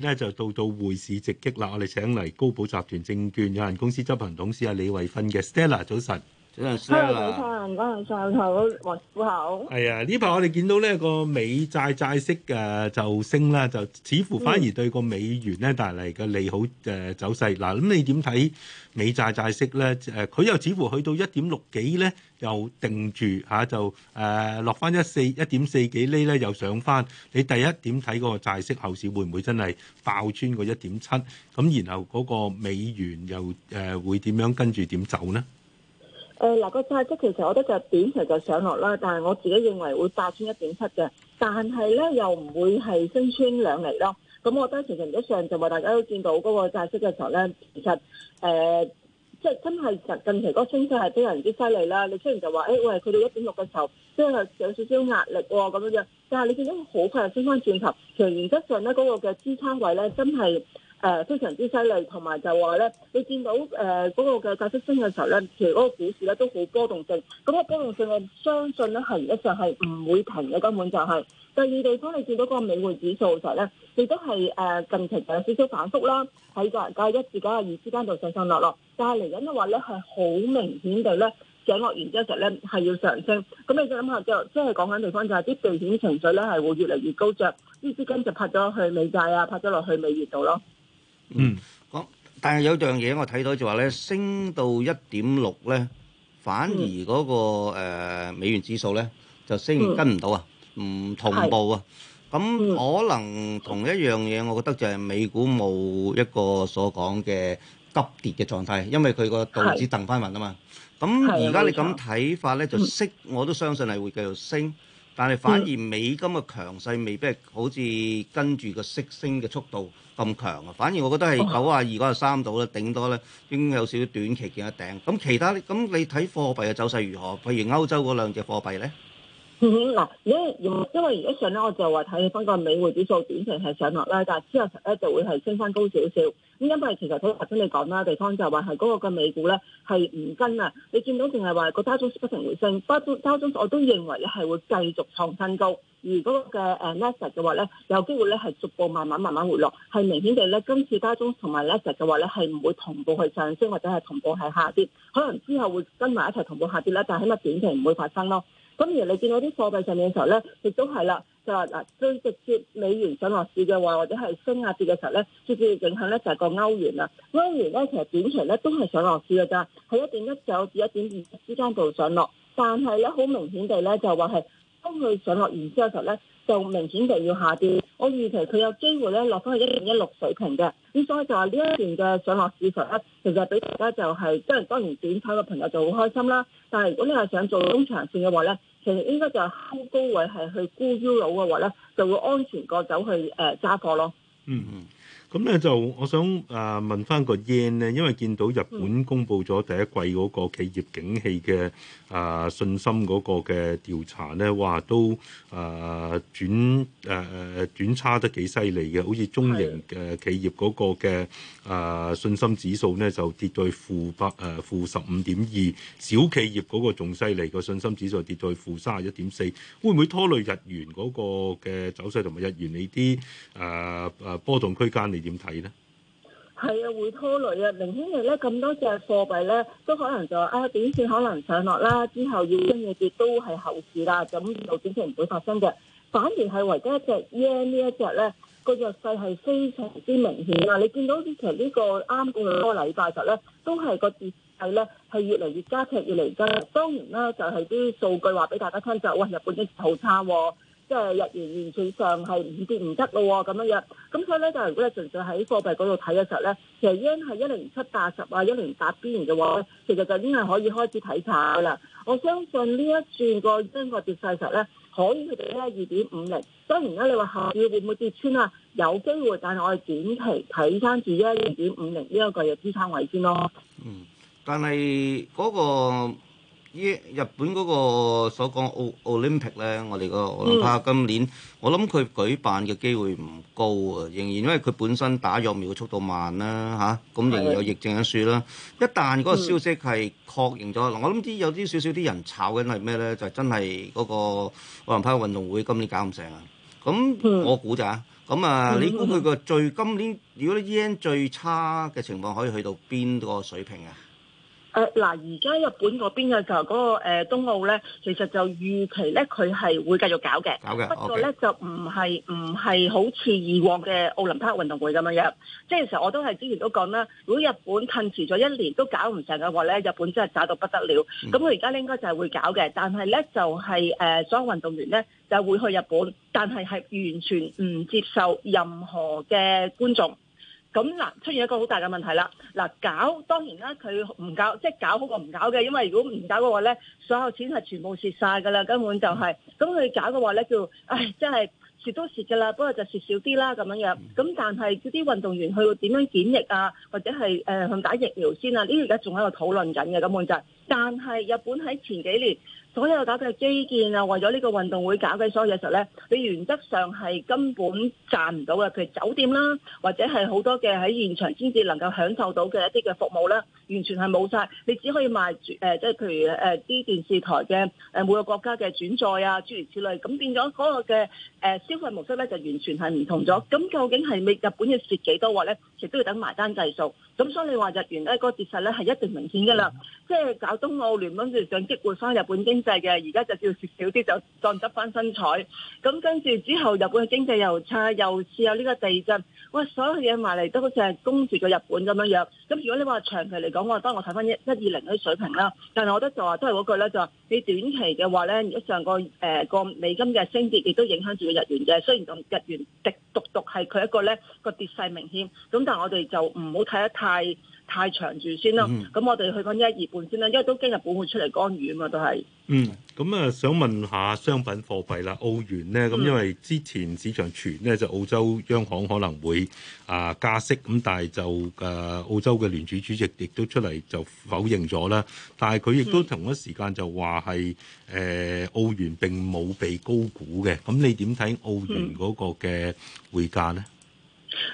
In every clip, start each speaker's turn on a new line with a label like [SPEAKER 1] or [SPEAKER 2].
[SPEAKER 1] 呢就到到匯市直擊啦！我哋請嚟高寶集團證券有限公司執行董事啊李慧芬嘅 Stella，早晨。大家
[SPEAKER 2] 早晨，嗰位
[SPEAKER 1] 在座嘅虎侯，係啊，呢排我哋見到呢個美債債息誒就升啦，就似乎反而對個美元咧帶嚟個利好誒走勢。嗱，咁你點睇美債債息咧？誒，佢又似乎去到一點六幾咧，又定住吓就誒落翻一四一點四幾呢？咧又上翻。你第一點睇個債息後市會唔會真係爆穿個一點七？咁然後嗰個美元又誒會點樣跟住點走呢？
[SPEAKER 2] 誒嗱、呃那個債息其實我覺得就短期就上落啦，但係我自己認為會爆穿一點七嘅，但係咧又唔會係升穿兩厘咯。咁我覺得其實原則上就話大家都見到嗰個債息嘅時候咧，其實誒即係真係近近期個升息係非常之犀利啦。你雖然就話誒、欸、喂，佢哋一點六嘅時候即係、就是、有少少壓力喎、哦、咁樣樣，但係你見到好快又升翻轉頭，其實原則上咧嗰、那個嘅支撐位咧真係，誒非常之犀利，同埋就話咧，你見到誒嗰、呃那個嘅價值升嘅時候咧，其實嗰個股市咧都好波動性。咁個波動性，我相信咧係一上就係唔會停嘅，根本就係、是。第二地方你見到個美匯指數時候咧，亦都係誒、呃、近期有少少反覆啦，喺九十一至九十二之間度上上落落。但係嚟緊嘅話咧，係好明顯地咧，上落完之後咧係要上升。咁你再諗下就，即係講緊地方就係、是、啲避險情緒咧係會越嚟越高漲，著呢資金就拍咗去美債啊，拍咗落去美元度咯。嗯，咁
[SPEAKER 3] 但係有樣嘢我睇到就話咧，升到一點六咧，反而嗰個誒美元指數咧就升跟唔到啊，唔同步啊。咁可能同一樣嘢，我覺得就係美股冇一個所講嘅急跌嘅狀態，因為佢個道指掙翻穩啊嘛。咁而家你咁睇法咧，就升我都相信係會繼續升，但係反而美金嘅強勢未必係好似跟住個息升嘅速度。咁強啊！反而我覺得係九啊二九啊三度咧，頂多咧應該有少少短期見一頂。咁其他，咁你睇貨幣嘅走勢如何？譬如歐洲嗰兩隻貨幣咧。
[SPEAKER 2] 嗱，而家、嗯、因為而家上咧，我就話睇翻個美匯指數短期係上落啦，但係之後咧就會係升翻高少少。咁因為其實頭先你講啦，地方就係話係嗰個嘅美股咧係唔跟啊，你見到淨係話個加總不停回升，加總加總我都認為咧係會繼續創新高。而嗰個嘅誒納斯達嘅話咧，有機會咧係逐步慢慢慢慢回落，係明顯地咧今次家中同埋納斯達嘅話咧係唔會同步去上升或者係同步係下跌，可能之後會跟埋一齊同步下跌咧，但係起碼短期唔會發生咯。咁而你見到啲貨幣上面嘅時候咧，亦都係啦，就話嗱最直接美元上落市嘅話，或者係升壓跌嘅時候咧，最主要影響咧就係、是、個歐元啦。歐元咧其實短期咧都係上落市嘅啫，喺一點一九至一點二之間度上落，但係咧好明顯地咧就話係當佢上落完之後咧，就明顯地要下跌。我預期佢有機會咧落翻去一零一六水平嘅，咁所以就話呢一段嘅上落市場咧，其實俾大家就係即係當然短炒嘅朋友就好開心啦，但係如果你係想做中長線嘅話咧，其實應該就係收高位係去沽 U 佬嘅話咧，就會安全過走去呃、揸貨咯。嗯嗯。嗯。
[SPEAKER 1] 咁咧就我想誒問翻個 yen 咧，因為見到日本公布咗第一季嗰個企業景氣嘅誒信心嗰個嘅調查咧，話都誒轉誒誒轉差得幾犀利嘅，好似中型嘅企業嗰個嘅誒信心指數咧就跌到負百誒負十五點二，2，小企業嗰個仲犀利，個信心指數跌到去負卅一點四，4，會唔會拖累日元嗰個嘅走勢同埋日元呢啲誒誒波動區間嚟？點睇呢？
[SPEAKER 2] 係啊，會拖累啊！零兄弟咧，咁多隻貨幣咧，都可能就啊，點算可能上落啦。之後要跟住跌，都係後市啦。咁又點解唔會發生嘅？反而係唯一隻這一隻 yen 呢一隻咧，個弱勢係非常之明顯啊！你見到之前、這個、呢個啱過咗個禮拜實咧，都係個跌勢咧，係越嚟越加劇，越嚟越急。當然啦，就係啲數據話俾大家聽，就哇、是、日本啲好差、啊。即係日元，完全上係唔跌唔得咯，咁樣樣。咁所以咧，就如果你純粹喺貨幣嗰度睇嘅時候咧，其實已經係一零七八十啊，一零八邊嘅話咧，其實就已經係可以開始睇炒噶啦。我相信呢一轉個真個跌勢時候咧，可以去企喺二點五零。當然啦，你話下月會唔會跌穿啊？有機會，但係我係短期睇翻住一零點五零呢一個嘅支撐位先咯。嗯，
[SPEAKER 3] 但係嗰、嗰個。日本嗰個所講奧奧林匹克咧，我哋個奧林匹克今年、mm. 我諗佢舉辦嘅機會唔高啊，仍然因為佢本身打疫苗嘅速度慢啦、啊、咁、啊、仍然有疫症嘅輸啦、啊。一旦嗰個消息係確認咗，mm. 我諗啲有啲少少啲人炒緊係咩咧？就是、真係嗰個奧林匹克運動會今年搞唔成啊！咁、mm. 我估咋？咁啊，啊 mm. 你估佢個最今年，如果你依年最差嘅情況可以去到邊個水平啊？
[SPEAKER 2] 誒，嗱，而家日本嗰邊嘅就嗰個誒東奧咧，其實就預期咧佢係會繼續搞嘅，搞嘅，不過咧就唔係唔係好似以往嘅奧林匹克運動會咁樣樣。即係其實我都係之前都講啦，如果日本近遲咗一年都搞唔成嘅話咧，日本真係搞到不得了。咁佢而家應該就係會搞嘅，但係咧就係誒所有運動員咧就係會去日本，但係係完全唔接受任何嘅觀眾。咁嗱，出現一個好大嘅問題啦！嗱，搞當然啦，佢唔搞即係搞好過唔搞嘅，因為如果唔搞嘅話咧，所有錢係全部蝕晒㗎啦，根本就係、是。咁佢搞嘅話咧、哎，就唉、是，真係蝕都蝕㗎啦，不過就蝕少啲啦咁樣嘅咁，但係嗰啲運動員佢會點樣檢疫啊，或者係誒去打疫苗先啊？呢個而家仲喺度討論緊嘅根本就係、是。但係日本喺前幾年，所有搞嘅基建啊，為咗呢個運動會搞嘅所有嘢嘅時候咧，你原則上係根本賺唔到嘅。譬如酒店啦，或者係好多嘅喺現場先至能夠享受到嘅一啲嘅服務啦，完全係冇晒。你只可以賣住誒，即係譬如誒啲電視台嘅誒每個國家嘅轉載啊，諸如此類。咁變咗嗰個嘅誒消費模式咧，就完全係唔同咗。咁究竟係咪日本要蝕幾多話咧？其實都要等埋單計數。咁所以你話日元咧嗰個跌勢咧係一定明顯噶啦。即係搞東奧聯盟，就想激活翻日本經制嘅，而家就叫食少啲就當執翻身材，咁跟住之後日本嘅經濟又差，又似有呢個地震，哇！所有嘢埋嚟都好似係供住個日本咁樣樣。咁如果你話長期嚟講，我當我睇翻一一二零嗰啲水平啦。但係我覺得就話都係嗰句咧，就話你短期嘅話咧，如果上個誒、呃、個美金嘅升跌亦都影響住個日元嘅。雖然個日元跌獨獨係佢一個咧個跌勢明顯，咁但係我哋就唔好睇得太。太長住先咯，咁、嗯、我哋去講一二半先啦，因為都驚
[SPEAKER 1] 日本會出嚟干預啊嘛，都係。嗯，咁啊，想問下商品貨幣啦，澳元咧，咁、嗯、因為之前市場傳咧就澳洲央行可能會啊加息，咁但係就誒、啊、澳洲嘅聯儲主席亦都出嚟就否認咗啦，但係佢亦都同一時間就話係誒澳元並冇被高估嘅，咁你點睇澳元嗰個嘅匯價咧？嗯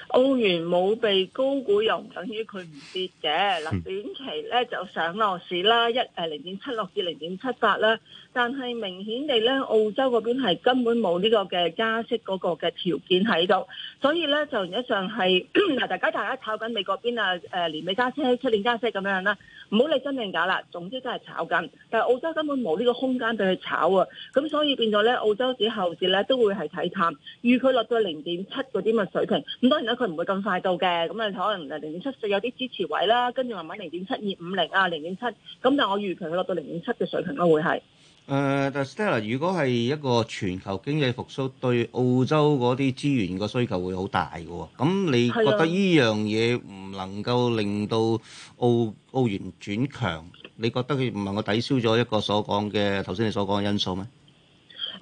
[SPEAKER 2] 澳元冇被高估又唔等於佢唔跌嘅，嗱、嗯、短期咧就上落市啦，一誒零點七六至零點七八啦。但係明顯地咧，澳洲嗰邊係根本冇呢個嘅加息嗰個嘅條件喺度，所以咧就一上係 大家大家炒緊美國邊啊誒連美加息七連加息咁樣啦，唔好理真定假啦，總之都係炒緊。但係澳洲根本冇呢個空間俾佢炒啊，咁所以變咗咧，澳洲市後市咧都會係睇淡，預期落到零點七嗰啲咪水平。當然啦，佢唔會咁快到嘅，咁啊可能零點七四有啲支持位啦，跟住慢慢零點七二五零啊，零
[SPEAKER 3] 點七，咁但係我預期佢落到零點七嘅水平咯，會係。誒，但 Stella，如果係一個全球經濟復甦，對澳洲嗰啲資源個需求會好大嘅，咁你覺得呢樣嘢唔能夠令到澳澳元轉強？你覺得佢唔能夠抵消咗一個所講嘅頭先你所講嘅因素咩？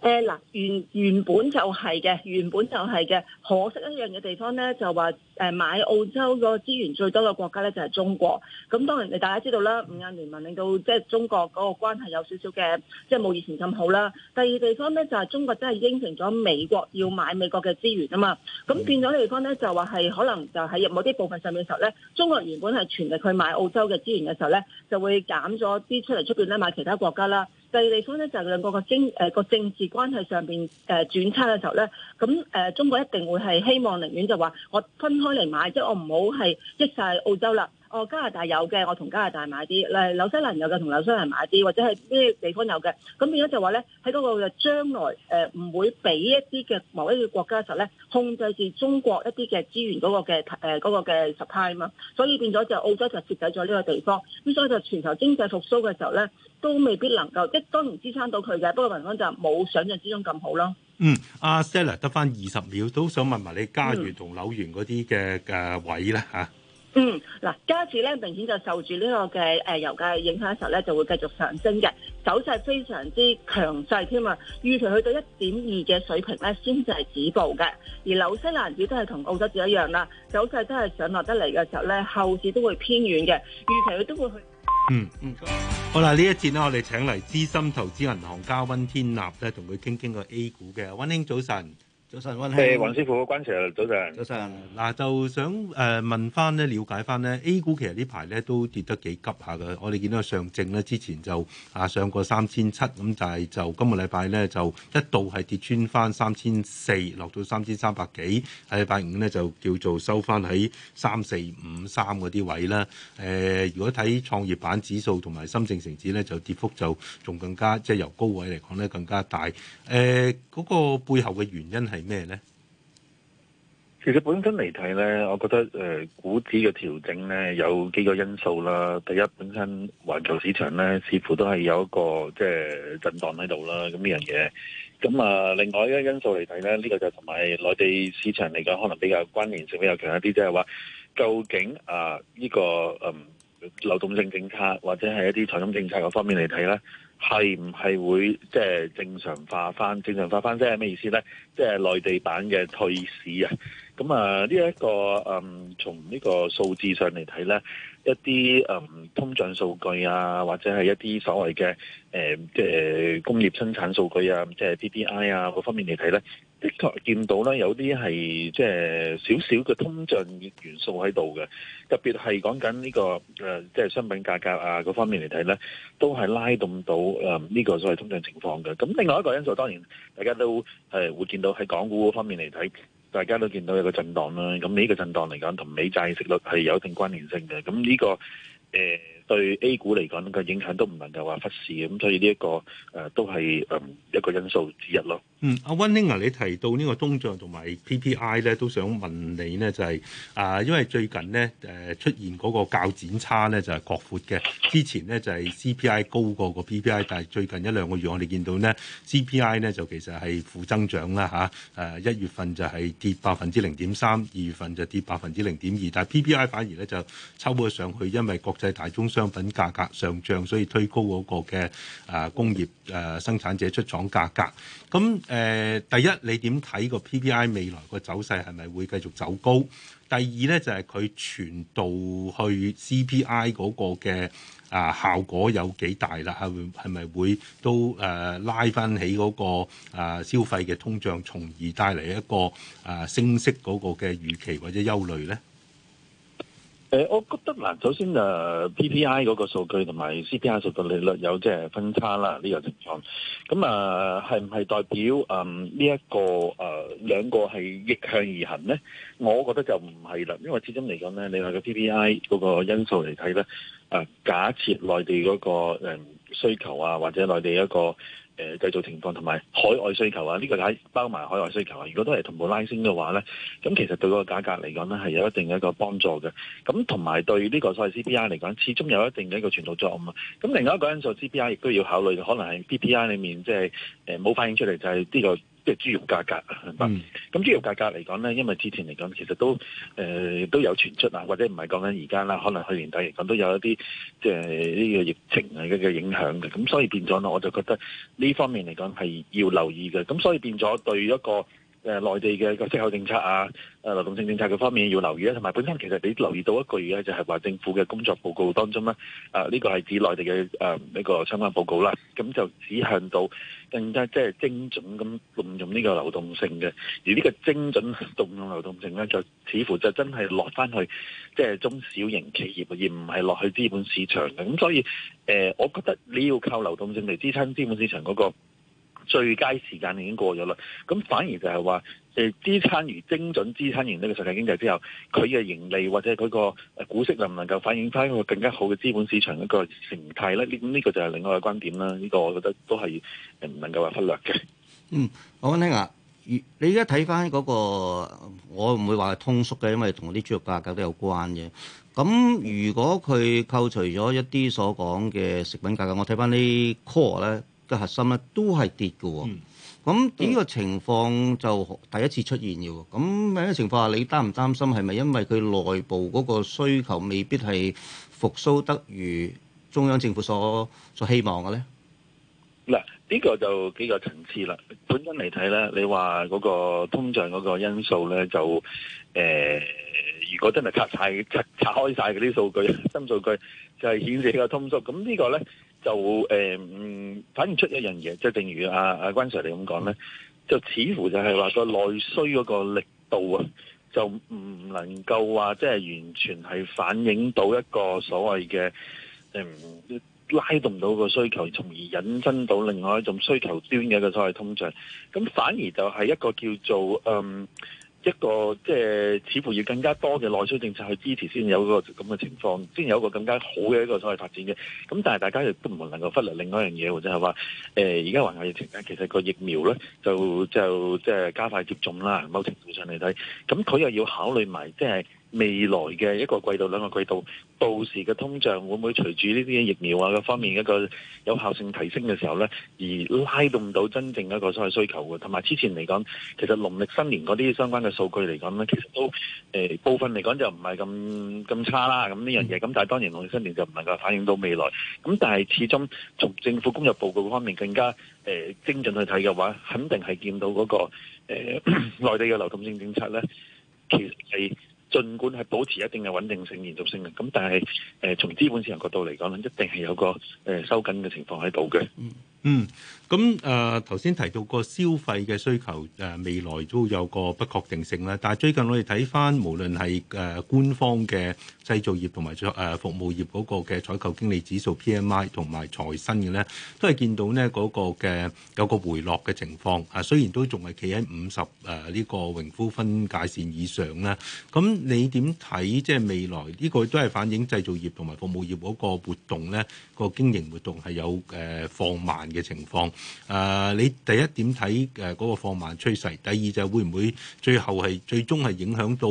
[SPEAKER 2] 誒，嗱、呃，原原本就係嘅，原本就係嘅，可惜一樣嘅地方咧，就話。誒，買澳洲個資源最多嘅國家咧，就係中國，咁當然你大家知道啦，五眼聯盟令到即係中國嗰個關係有少少嘅即係冇以前咁好啦。第二地方咧，就係中國真係應承咗美國要買美國嘅資源啊嘛，咁變咗地方咧，就話係可能就喺有某啲部分上面嘅時候咧，中國原本係全力去買澳洲嘅資源嘅時候咧，就會減咗啲出嚟出邊咧買其他國家啦。第二地方咧，就係兩個個政誒個政治關係上面誒轉差嘅時候咧，咁中國一定會係希望寧願就話我分。開嚟買，即係我唔好係益晒澳洲啦。我、哦、加拿大有嘅，我同加拿大買啲，誒，紐西蘭有嘅，同紐西蘭買啲，或者係呢啲地方有嘅。咁變咗就話咧，喺嗰個將來誒，唔會俾一啲嘅某一啲國家嘅時候咧，控制住中國一啲嘅資源嗰、嗰個嘅誒，嗰、嗰個嘅實體啊嘛。所以變咗就澳洲就設計咗呢個地方。咁所以就全球經濟復甦嘅時候咧，都未必能夠即當然支撐到佢嘅，不過宏觀就冇想象之中咁好咯。
[SPEAKER 1] 嗯，阿 Sally 得翻二十秒，都想問埋你加元同紐元嗰啲嘅誒位啦。吓。嗯，
[SPEAKER 2] 嗱、嗯，加紙咧明顯就受住呢、這個嘅誒、呃、油價影響嘅時候咧，就會繼續上升嘅，走勢非常之強勢添啊！預期去到一點二嘅水平咧，先至係止步嘅。而紐西蘭紙都係同澳洲紙一樣啦，走勢都係上落得嚟嘅時候咧，後市都會偏軟嘅，預期佢都會去。嗯嗯。嗯
[SPEAKER 1] 好啦，呢一節呢，我哋請嚟資深投資銀行家溫天納呢，同佢傾傾個 A 股嘅。温兄，溫兄早晨。
[SPEAKER 4] 早晨，溫
[SPEAKER 1] 兄，誒黃師傅，好關切啊！早晨，早晨，嗱，就想誒問翻咧，了解翻咧，A 股其實呢排咧都跌得幾急下㗎。我哋見到上證咧之前就啊上過三千七，咁但係就今個禮拜咧就一度係跌穿翻三千四，落到三千三百幾。喺禮拜五咧就叫做收翻喺三四五三嗰啲位啦。誒，如果睇創業板指數同埋深證成指咧，就跌幅就仲更加，即係由高位嚟講咧更加大。誒，嗰個背後嘅原因係咩咧？
[SPEAKER 4] 其實本身嚟睇咧，我覺得誒、呃，股指嘅調整咧有幾個因素啦。第一，本身環球市場咧似乎都係有一個即係震盪喺度啦。咁呢樣嘢，咁啊、呃，另外一個因素嚟睇咧，呢、這個就同埋內地市場嚟講，可能比較關聯性比較強一啲，即係話究竟啊呢、呃這個嗯、呃、流動性政策或者係一啲財政政策嗰方面嚟睇咧。係唔係會即係、就是、正常化翻？正常化翻即係咩意思咧？即、就、係、是、內地版嘅退市啊！咁啊，呢、這、一個嗯，從呢個數字上嚟睇咧。一啲、嗯、通脹數據啊，或者係一啲所謂嘅、呃、即係工業生產數據啊，即係 PPI 啊嗰方面嚟睇咧，的確見到咧有啲係即係少少嘅通脹元素喺度嘅，特別係講緊呢個、呃、即係商品價格啊嗰方面嚟睇咧，都係拉動到呢、呃呢個所謂通脹情況嘅。咁另外一個因素當然大家都誒、呃、會見到喺港股方面嚟睇。大家都見到有個震盪啦，咁呢個震盪嚟講，同美債息率係有一定關聯性嘅，咁呢、呢個、呃、對 A 股嚟講嘅影響都唔能夠話忽視嘅，咁所以呢、呢、一個、呃、都係、呃、一個因素之一咯。
[SPEAKER 1] 嗯，阿溫丁啊，你提到個和呢個通脹同埋 PPI 咧，都想問你呢就係、是、啊，因為最近呢誒、呃、出現嗰個鉸剪差呢就係、是、擴闊嘅。之前呢就係、是、CPI 高過個 PPI，但係最近一兩個月我哋見到呢 CPI 呢就其實係負增長啦嚇。誒、啊、一月份就係跌百分之零點三，二月份就跌百分之零點二，但係 PPI 反而咧就抽咗上去，因為國際大宗商品價格上漲，所以推高嗰個嘅啊工業誒、啊、生產者出廠價格。咁誒，第一你點睇個 PPI 未來個走勢係咪會繼續走高？第二咧就係佢傳導去 CPI 嗰個嘅啊效果有幾大啦？係係咪會都誒、啊、拉翻起嗰、嗰個啊消費嘅通脹，從而帶嚟一個啊升息嗰個嘅預期或者憂慮咧？
[SPEAKER 4] 誒，我覺得嗱，首先誒，PPI 嗰個數據同埋 CPI 數據利率有即係分差啦，呢個情況，咁啊係唔係代表誒呢一個誒兩個係逆向而行咧？我覺得就唔係啦，因為始終嚟講咧，你話個 PPI 嗰個因素嚟睇咧，誒假設內地嗰個誒。需求啊，或者內地一個誒製造情況，同埋海外需求啊，呢個包埋海外需求啊。如果都係同步拉升嘅話呢，咁其實對嗰個價格嚟講呢，係有一定嘅一個幫助嘅。咁同埋對呢個所謂 CPI 嚟講，始終有一定嘅一個傳導作用啊。咁另外一個因素 CPI 亦都要考慮，可能係 PPI 裡面即係誒冇反映出嚟，就係呢個。即係豬肉價格，明白、嗯？咁豬肉價格嚟講咧，因為之前嚟講，其實都誒、呃、都有傳出啊，或者唔係講緊而家啦，可能去年底嚟講都有一啲即係呢個疫情嘅一個影響嘅，咁所以變咗咧，我就覺得呢方面嚟講係要留意嘅，咁所以變咗對一個。誒、呃、內地嘅個息口政策啊、呃，流動性政策嘅方面要留意啊。同埋本身其實你留意到一句嘢就係話政府嘅工作報告當中咧、啊，啊呢、這個係指內地嘅誒呢個相關報告啦，咁、嗯、就指向到更加即係精準咁動用呢個流動性嘅，而呢個精準動用流動性咧，就似乎就真係落翻去即係、就是、中小型企業，而唔係落去資本市場嘅，咁所以誒、呃，我覺得你要靠流動性嚟支撐資本市場嗰、那個。最佳時間已經過咗啦，咁反而就係話誒支撐完精準支撐完呢個實體經濟之後，佢嘅盈利或者佢個股息能唔能夠反映翻一個更加好嘅資本市場的一個形態咧？呢、這、呢個就係另外嘅觀點啦。呢、這個我覺得都係誒唔能夠話忽略嘅。
[SPEAKER 3] 嗯，阿溫兄，你而家睇翻嗰個，我唔會話係通縮嘅，因為同啲豬肉價格都有關嘅。咁如果佢扣除咗一啲所講嘅食品價格，我睇翻呢 core 咧。嘅核心咧都係跌嘅，咁呢個情況就第一次出現嘅。咁喺呢個情況下，你擔唔擔心係咪因為佢內部嗰個需求未必係復甦得如中央政府所所希望嘅咧？
[SPEAKER 4] 嗱，呢個就幾個層次啦。本身嚟睇咧，你話嗰個通脹嗰個因素咧就誒。呃如果真係拆曬拆拆開晒嗰啲數據新數據，數據就係顯示比較通縮。咁呢個咧就誒、呃、反映出一樣嘢，即係正如阿阿君 Sir 你咁講咧，就似乎就係話個內需嗰個力度啊，就唔能夠話即係完全係反映到一個所謂嘅誒、呃、拉動到個需求，從而引申到另外一種需求端嘅一個所謂通脹。咁反而就係一個叫做嗯。呃一個即係、就是、似乎要更加多嘅內需政策去支持先有一個咁嘅情況，先有一個更加好嘅一個所謂發展嘅。咁但係大家亦都唔能夠忽略另外一樣嘢，或者係話誒而家環球疫情咧，其實個疫苗咧就就即係、就是、加快接種啦。某程度上嚟睇，咁佢又要考慮埋即係。就是未來嘅一個季度、兩個季度，到時嘅通脹會唔會隨住呢啲疫苗啊各方面一個有效性提升嘅時候咧，而拉動到真正一個所謂需求嘅？同埋之前嚟講，其實農曆新年嗰啲相關嘅數據嚟講咧，其實都、呃、部分嚟講就唔係咁咁差啦。咁呢樣嘢，咁但係當然農曆新年就唔能夠反映到未來。咁但係始終從政府工作報告方面更加、呃、精準去睇嘅話，肯定係見到嗰個誒內地嘅流動性政策咧，其實係。儘管係保持一定嘅穩定性、連續性嘅，咁但係誒，從、呃、資本市場角度嚟講，咧，一定係有個誒、呃、收緊嘅情況喺度嘅。嗯。
[SPEAKER 1] 嗯，咁誒頭先提到個消費嘅需求誒、啊、未來都有個不確定性啦。但係最近我哋睇翻，無論係誒官方嘅製造業同埋誒服務業嗰個嘅採購經理指數 P M I 同埋財新嘅咧，都係見到咧嗰個嘅有個回落嘅情況啊。雖然都仲係企喺五十誒呢個榮枯分界線以上咧。咁你點睇即係未來呢、呢個都係反映製造業同埋服務業嗰個活動咧、嗰個經營活動係有誒、啊、放慢。嘅情況，誒、呃，你第一點睇誒嗰個放慢趨勢，第二就係、是、會唔會最後係最終係影響到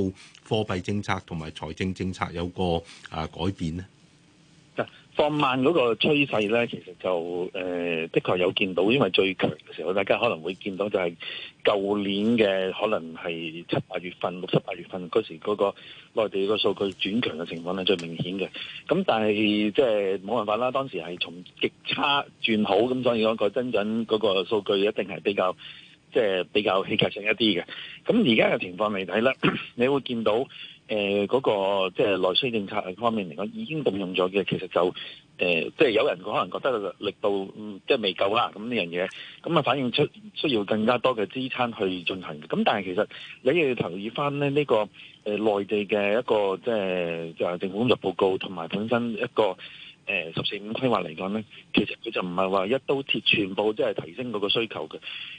[SPEAKER 1] 貨幣政策同埋財政政策有個誒、呃、改變咧？
[SPEAKER 4] 放慢嗰個趨勢呢，其實就誒、呃、的確有見到，因為最強嘅時候，大家可能會見到就係舊年嘅可能係七八月份、六七八月份嗰時嗰個內地個數據轉強嘅情況係最明顯嘅。咁但係即係冇辦法啦，當時係從極差轉好，咁所以嗰個增長嗰個數據一定係比較即係、就是、比較戲劇性一啲嘅。咁而家嘅情況嚟睇咧，你會見到。誒嗰、呃那個即係內需政策方面嚟講，已經動用咗嘅，其實就誒、呃，即係有人可能覺得力度、嗯、即係未夠啦，咁樣嘢，咁啊反映出需要更加多嘅支撐去進行。咁但係其實你要留意翻咧，呢、這個誒、呃、內地嘅一個即係就係政府工作報告同埋本身一個。誒、呃、十四五規劃嚟講咧，其實佢就唔係話一刀切，全部即係提升嗰個需求嘅。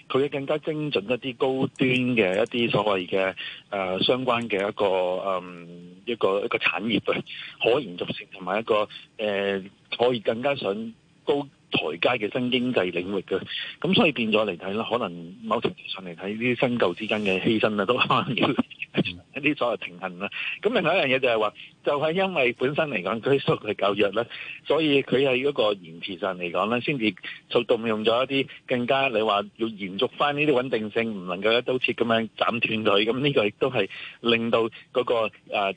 [SPEAKER 4] 佢更加精準一啲高端嘅一啲所謂嘅誒、呃、相關嘅一個誒、嗯、一個一個產業嘅可延續性同埋一個誒、呃、可以更加上高台階嘅新經濟領域嘅。咁所以變咗嚟睇啦，可能某程度上嚟睇，呢啲新舊之間嘅犧牲啊，都可能要一啲 所謂平衡啦，咁另外一樣嘢就係話，就係、是、因為本身嚟講，拘束力較弱啦，所以佢喺嗰個延遲上嚟講咧，先至就動用咗一啲更加你話要延續翻呢啲穩定性，唔能夠一刀切咁樣斬斷佢，咁呢個亦都係令到嗰、那個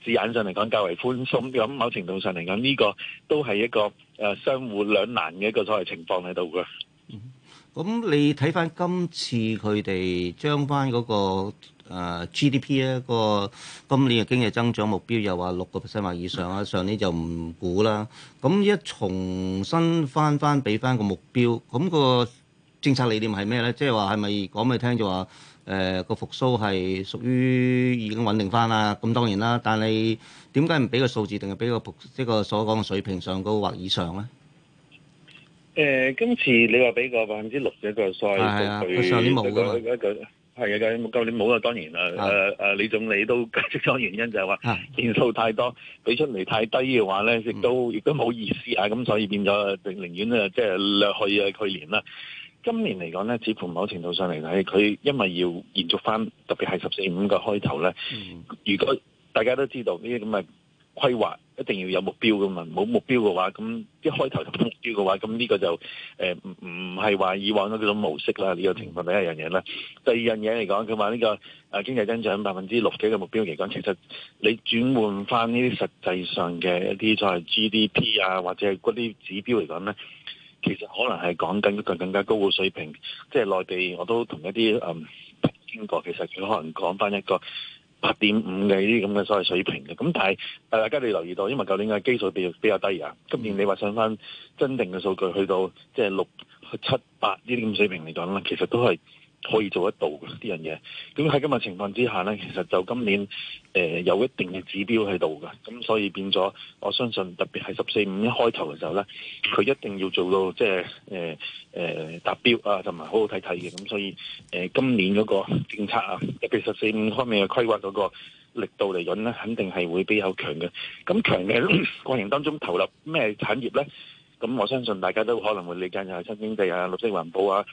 [SPEAKER 4] 字眼上嚟講較為寬鬆。咁某程度上嚟講，呢、這個都係一個相互兩難嘅一個所謂情況喺度㗎。咁、
[SPEAKER 3] 嗯、你睇翻今次佢哋將翻、那、嗰個。誒、uh, GDP 咧個今年嘅經濟增長目標又話六個 percent 或以上啊，嗯、上年就唔估啦。咁一重新翻翻俾翻個目標，咁、那個政策理念係咩咧？即、就、係、是、話係咪講俾你聽就話誒個復蘇係屬於已經穩定翻啦？咁當然啦，但係點解唔俾個數字，定係俾個普，即、就、係、是、所講嘅水平上高或以上咧？
[SPEAKER 4] 誒、呃，今次你話俾個百分之六嘅個數係啊，佢上年冇。係啊，今年冇啊，當然啦，誒、呃、誒的、呃，李總理都解釋咗原因就，就係話年數太多，俾出嚟太低嘅話咧，亦都亦都冇意思啊，咁所以變咗，寧寧願啊，即、就、係、是、略去啊，去年啦，今年嚟講咧，似乎某程度上嚟睇，佢因為要延續翻，特別係十四五個開頭咧，嗯、如果大家都知道呢啲咁嘅。規劃一定要有目標噶嘛，冇目標嘅話，咁一開頭就目標嘅話，咁呢個就誒唔唔係話以往嗰種模式啦。呢、這個情況第一樣嘢啦，第二樣嘢嚟講，佢話呢個誒、啊、經濟增長百分之六幾嘅目標嚟講，其實你轉換翻呢啲實際上嘅一啲在 GDP 啊或者係嗰啲指標嚟講咧，其實可能係講緊一個更加高嘅水平。即係內地我都同一啲誒聽過，其實佢可能講翻一個。八點五嘅呢啲咁嘅所謂水平嘅，咁但係大家都要留意到，因為舊年嘅基數比比較低啊，今年你話上翻真定嘅數據去到即係六七八呢啲咁水平嚟講啦，其實都係。可以做得到嘅呢樣嘢，咁喺今日情況之下呢，其實就今年誒、呃、有一定嘅指標喺度嘅，咁所以變咗，我相信特別係十四五一開頭嘅時候呢，佢一定要做到即係誒誒達標啊，同埋好好睇睇嘅，咁所以誒、呃、今年嗰個政策啊，特別十四五方面嘅規劃嗰個力度嚟講呢，肯定係會比較強嘅。咁強嘅 過程當中投入咩產業呢？咁我相信大家都可能會理解，又係新經濟啊、綠色環保啊。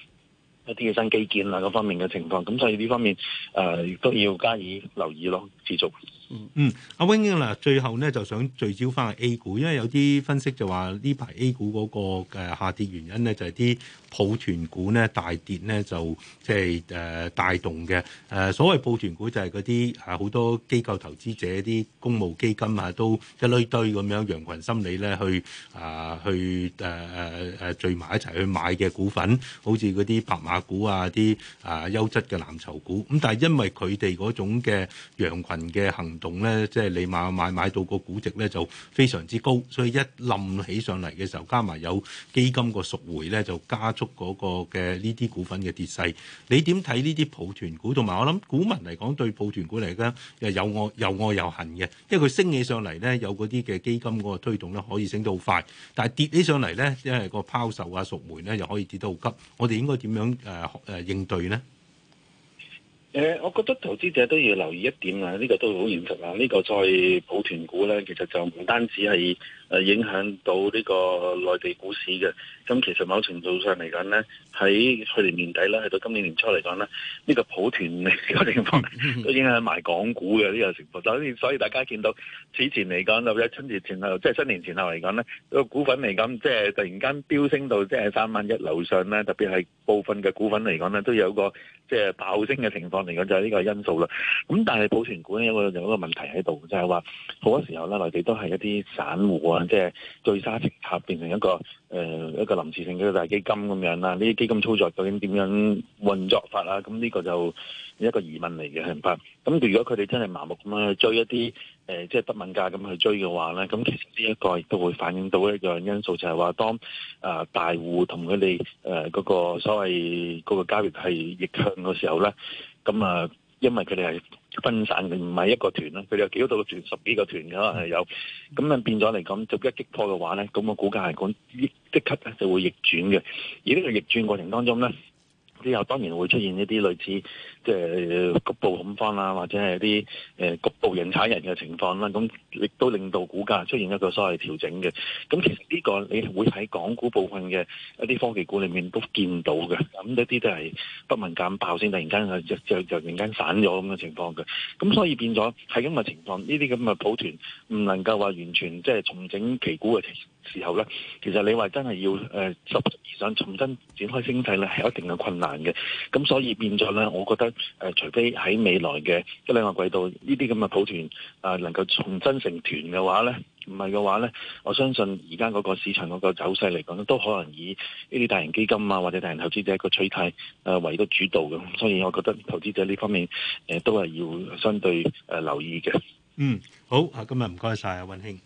[SPEAKER 4] 一啲嘅新基建啊，各方面嘅情況，咁所以呢方面誒亦、呃、都要加以留意咯。
[SPEAKER 1] 持續嗯嗯，阿 Wing 嗱，最後咧就想聚焦翻 A 股，因為有啲分析就話呢排 A 股嗰個下跌原因咧，就係啲抱團股咧大跌咧，就即係誒帶動嘅誒、呃、所謂抱團股就係嗰啲誒好多機構投資者啲公募基金啊，都一攞堆咁樣羊群心理咧去啊去誒誒誒聚埋一齊去買嘅股份，好似嗰啲白馬股啊啲啊優質嘅藍籌股，咁、嗯、但係因為佢哋嗰種嘅羊群。人嘅行動咧，即係你買買到個估值咧，就非常之高，所以一冧起上嚟嘅時候，加埋有基金個贖回咧，就加速嗰個嘅呢啲股份嘅跌勢。你點睇呢啲抱團股？同埋我諗股民嚟講，對抱團股嚟講，又有愛又又恨嘅，因為佢升起上嚟咧，有嗰啲嘅基金嗰個推動咧，可以升得好快；但係跌起上嚟咧，即係個拋售啊、贖回咧，又可以跌得好急。我哋應該點樣誒誒、呃呃、應對咧？
[SPEAKER 4] 誒，我覺得投資者都要留意一點啊，呢個都好現實啊。呢個再抱團股呢，其實就唔單止係。誒，影響到呢個內地股市嘅，咁其實某程度上嚟講咧，喺去年年底咧，去到今年年初嚟講咧，呢、這個抱團、這個情況都影響埋港股嘅呢個情況。所以所以大家見到此前嚟講，特別喺春節前後，即係新年前後嚟講咧，這個股份嚟講，即、就、係、是、突然間飆升到即係三萬一樓上咧，特別係部分嘅股份嚟講咧，都有個即係、就是、爆升嘅情況嚟講，就係、是、呢個因素啦。咁但係抱團股有一個有一個問題喺度，就係、是、話好多時候咧，內地都係一啲散戶啊。即係聚沙成塔，變成一個誒、呃、一個臨時性嘅大基金咁樣啦。呢啲基金操作究竟點樣運作法啊？咁呢個就一個疑問嚟嘅，係唔係？咁如果佢哋真係盲目咁樣、呃、去追一啲誒，即係不敏感咁去追嘅話咧，咁其實呢一個亦都會反映到一樣因素，就係、是、話當誒、呃、大戶同佢哋誒嗰個所謂嗰個交易係逆向嘅時候咧，咁啊、呃，因為佢哋係。分散唔係一個團，佢哋有幾多個團，十幾個團嘅啦係有，咁樣變咗嚟講，就一擊破嘅話呢咁、嗰個股價係講即刻咧就會逆轉嘅，而呢個逆轉過程當中呢。之後當然會出現一啲類似即係局部恐慌啦，或者係啲誒局部人踩人嘅情況啦。咁亦都令到股價出現一個所謂調整嘅。咁其實呢個你會喺港股部分嘅一啲科技股裏面都見到嘅。咁一啲都係不問價爆先，突然間又就就,就,就突然間散咗咁嘅情況嘅。咁所以變咗係咁嘅情況，呢啲咁嘅抱團唔能夠話完全即係重整旗鼓嘅情況。時候咧，其實你話真係要誒執、呃、想重新展開升勢咧，係有一定嘅困難嘅。咁所以變咗咧，我覺得誒、呃，除非喺未來嘅一兩個季度呢啲咁嘅抱團啊，能夠重新成團嘅話咧，唔係嘅話咧，我相信而家嗰個市場嗰個走勢嚟講咧，都可能以呢啲大型基金啊或者大型投資者個取態誒、呃、為個主導嘅。所以，我覺得投資者呢方面誒、呃、都係要相對誒、呃、留意嘅。嗯，好啊，今
[SPEAKER 1] 日唔該晒啊，溫兄。